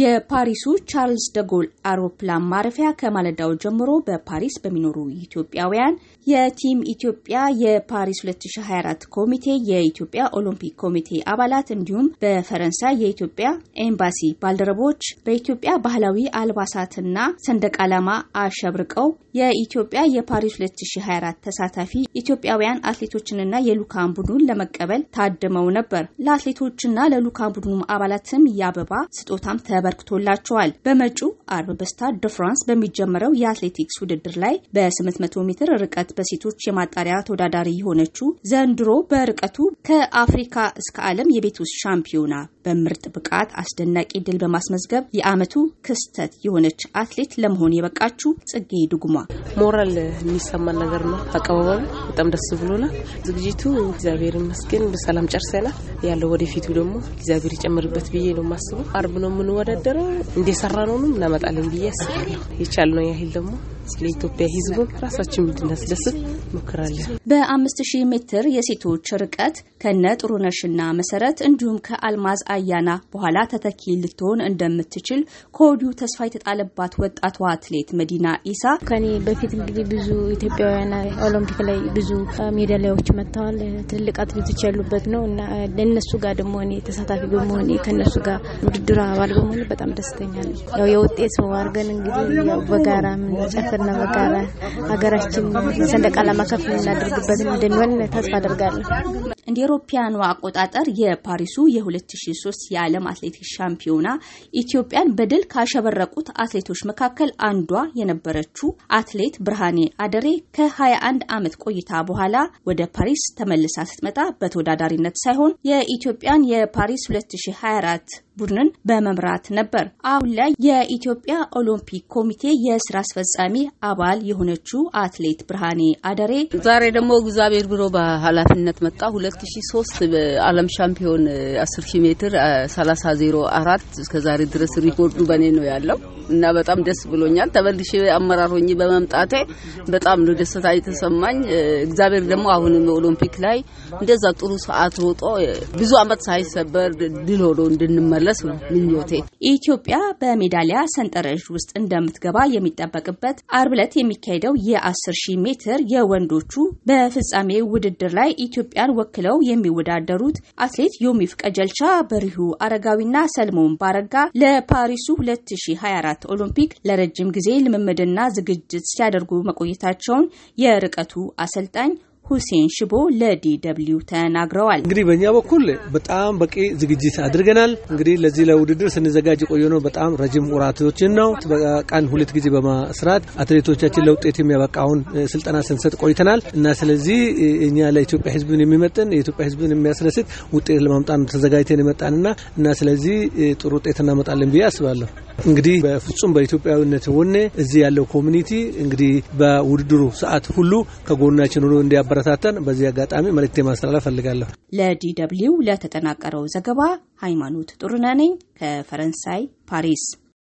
የፓሪሱ ቻርልስ ደጎል አውሮፕላን ማረፊያ ከማለዳው ጀምሮ በፓሪስ በሚኖሩ ኢትዮጵያውያን የቲም ኢትዮጵያ የፓሪስ 2024 ኮሚቴ የኢትዮጵያ ኦሎምፒክ ኮሚቴ አባላት እንዲሁም በፈረንሳይ የኢትዮጵያ ኤምባሲ ባልደረቦች በኢትዮጵያ ባህላዊ አልባሳትና ሰንደቅ ዓላማ አሸብርቀው የኢትዮጵያ የፓሪስ 2024 ተሳታፊ ኢትዮጵያውያን አትሌቶችንና የልዑካን ቡድኑን ለመቀበል ታድመው ነበር። ለአትሌቶችና ለልዑካን ቡድኑ አባላትም የአበባ ስጦታም ተበርክቶላቸዋል። በመጪው አርብ በስታድ ደ ፍራንስ በሚጀመረው የአትሌቲክስ ውድድር ላይ በ800 ሜትር ርቀት በሴቶች የማጣሪያ ተወዳዳሪ የሆነችው ዘንድሮ በርቀቱ ከአፍሪካ እስከ ዓለም የቤት ውስጥ ሻምፒዮና በምርጥ ብቃት አስደናቂ ድል በማስመዝገብ የዓመቱ ክስተት የሆነች አትሌት ለመሆን የበቃችው ጽጌ ድጉማ ሞራል የሚሰማን ነገር ነው። አቀባበሉ በጣም ደስ ብሎናል። ዝግጅቱ እግዚአብሔር ይመስገን በሰላም ጨርሰናል። ያለው ወደፊቱ ደግሞ እግዚአብሔር ይጨምርበት ብዬ ነው የማስበው። አርብ ነው የምንወዳደረው እንደሰራ ነው ይመጣልኝ ብዬ አስባለሁ። የቻልነው ያህል ደግሞ ስለ ኢትዮጵያ ሕዝብም ራሳችን እንድናስደስት ሞክራለን። በአምስት ሺህ ሜትር የሴቶች ርቀት ከነ ጥሩነሽና መሰረት እንዲሁም ከአልማዝ አያና በኋላ ተተኪ ልትሆን እንደምትችል ከወዲሁ ተስፋ የተጣለባት ወጣቷ አትሌት መዲና ኢሳ ከኔ በፊት እንግዲህ ብዙ ኢትዮጵያውያን ኦሎምፒክ ላይ ብዙ ሜዳሊያዎች መጥተዋል። ትልልቅ አትሌቶች ያሉበት ነው እና ለእነሱ ጋር ደግሞ እኔ ተሳታፊ በመሆኔ ከእነሱ ጋር ውድድር አባል በመሆኔ በጣም ደስተኛ ነኝ። ያው የውጤት ሰው አድርገን እንግዲህ ያው በጋራ የምንጨፍርና በጋራ ሀገራችን ሰንደቅ ዓላማ ከፍ የምናደርግበት እንደሚሆን ተስፋ አደርጋለሁ። እንደ ኤሮፓያኑ አቆጣጠር የፓሪሱ የ2003 የዓለም አትሌቲክስ ሻምፒዮና ኢትዮጵያን በድል ካሸበረቁት አትሌቶች መካከል አንዷ የነበረችው አትሌት ብርሃኔ አደሬ ከ21 ዓመት ቆይታ በኋላ ወደ ፓሪስ ተመልሳ ስትመጣ በተወዳዳሪነት ሳይሆን የኢትዮጵያን የፓሪስ 2024 ቡድንን በመምራት ነበር። አሁን ላይ የኢትዮጵያ ኦሎምፒክ ኮሚቴ የስራ አስፈጻሚ አባል የሆነችው አትሌት ብርሃኔ አደሬ ዛሬ ደግሞ እግዚአብሔር ብሎ በኃላፊነት መጣ ሁለት 2003 በዓለም ሻምፒዮን 10 ሺህ ሜትር 3004 እስከ ዛሬ ድረስ ሪኮርዱ በእኔ ነው ያለው እና በጣም ደስ ብሎኛል። ተመልሼ አመራር ሆኜ በመምጣቴ በጣም ነው ደስታ የተሰማኝ። እግዚአብሔር ደግሞ አሁንም ኦሎምፒክ ላይ እንደዛ ጥሩ ሰዓት ሮጦ ብዙ አመት ሳይሰበር ድል ሆኖ እንድንመለስ ነው ምኞቴ። ኢትዮጵያ በሜዳሊያ ሰንጠረዥ ውስጥ እንደምትገባ የሚጠበቅበት አርብ ዕለት የሚካሄደው የ10 ሺህ ሜትር የወንዶቹ በፍጻሜ ውድድር ላይ ኢትዮጵያን ወክ ወክለው የሚወዳደሩት አትሌት ዮሚፍ ቀጀልቻ፣ በሪሁ አረጋዊና ሰልሞን ባረጋ ለፓሪሱ 2024 ኦሎምፒክ ለረጅም ጊዜ ልምምድና ዝግጅት ሲያደርጉ መቆየታቸውን የርቀቱ አሰልጣኝ ሁሴን ሽቦ ለዲደብሊው ተናግረዋል። እንግዲህ በእኛ በኩል በጣም በቂ ዝግጅት አድርገናል። እንግዲህ ለዚህ ለውድድር ስንዘጋጅ ነው። በጣም ረጅም ወራቶችን ነው። በቀን ሁለት ጊዜ በማስራት አትሌቶቻችን ለውጤት የሚያበቃውን ስልጠና ስንሰጥ ቆይተናል እና ስለዚህ እኛ ለኢትዮጵያ ሕዝብን የሚመጥን የኢትዮጵያ ሕዝብን የሚያስደስት ውጤት ለማምጣት ተዘጋጅተን የመጣንና እና ስለዚህ ጥሩ ውጤት እናመጣለን ብዬ አስባለሁ። እንግዲህ በፍጹም በኢትዮጵያዊነት ወኔ እዚህ ያለው ኮሚኒቲ እንግዲህ በውድድሩ ሰዓት ሁሉ ከጎናችን ሁሉ እንዲያበረታተን በዚህ አጋጣሚ መልእክቴ ማስተላለፍ ፈልጋለሁ። ለዲ ደብልዩ ለተጠናቀረው ዘገባ ሃይማኖት ጥሩነህ ነኝ ከፈረንሳይ ፓሪስ